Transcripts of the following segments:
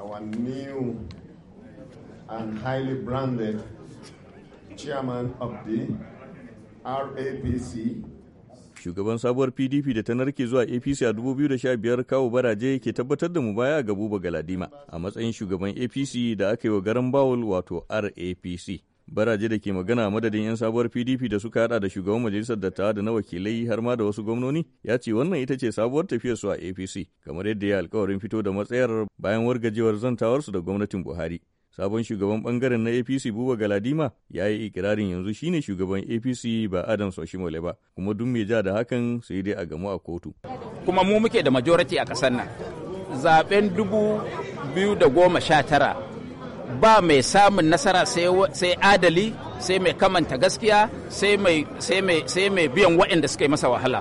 our new and highly branded chairman of the RAPC. Shugaban sabuwar PDP da ta narke zuwa APC a 2015 kawo baraje ke tabbatar da mu baya ga buba galadima a matsayin shugaban APC da aka yi wa garan bawul wato RAPC. Baraje da ke magana a madadin 'yan sabuwar PDP da suka hada da shugaban majalisar dattawa da na wakilai har ma da wasu gwamnoni ya ce wannan ita ce sabuwar tafiyar su a APC kamar yadda ya alkawarin fito da matsayar bayan wargajewar zantawar su da gwamnatin Buhari. Sabon shugaban bangaren na APC Buba Galadima ya yi ikirarin yanzu shine shugaban APC ba Adam Soshimole ba kuma duk mai ja da hakan sai dai a gamu a kotu. Kuma mu muke da majority a kasar nan. Zaben dubu biyu da goma sha tara ba mai samun nasara sai adali sai mai kamanta gaskiya sai mai biyan waɗanda suka yi masa wahala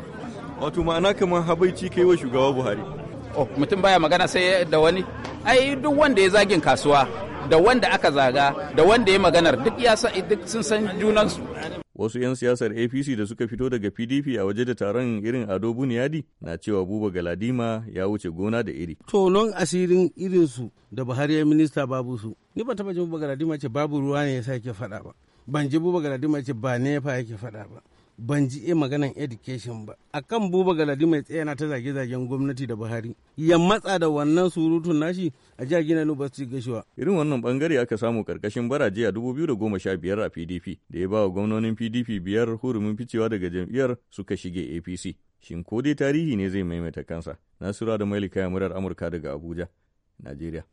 wato ma'ana kamar habaici kai wa shugaba buhari oh mutum baya magana sai da wani ai duk wanda ya zagin kasuwa da wanda aka zaga da wanda ya maganar duk ya duk sun san junansu wasu 'yan siyasar apc da suka fito daga pdp a waje da taron irin ado buniyadi na cewa buba galadima ya wuce gona da iri tonon asirin irin su da buhari ya minista babu su ni ban taba ji buba galadima ce babu ruwa ne ya sa yake faɗa ba ban ji buba galadima ce ba nefa yake faɗa ba ban ji e maganan education ba akan buba galadi mai tsayana ta zage-zagen gwamnati da buhari ya matsa da wannan surutun nashi a jihar gina university gashuwa irin wannan bangare aka samu karkashin baraje a biyar a pdp da ya ba wa gwamnonin pdp biyar hurumin ficewa daga jam'iyyar suka shige apc shin ko dai tarihi ne zai maimaita kansa nasura da mailika ya murar amurka daga abuja najeriya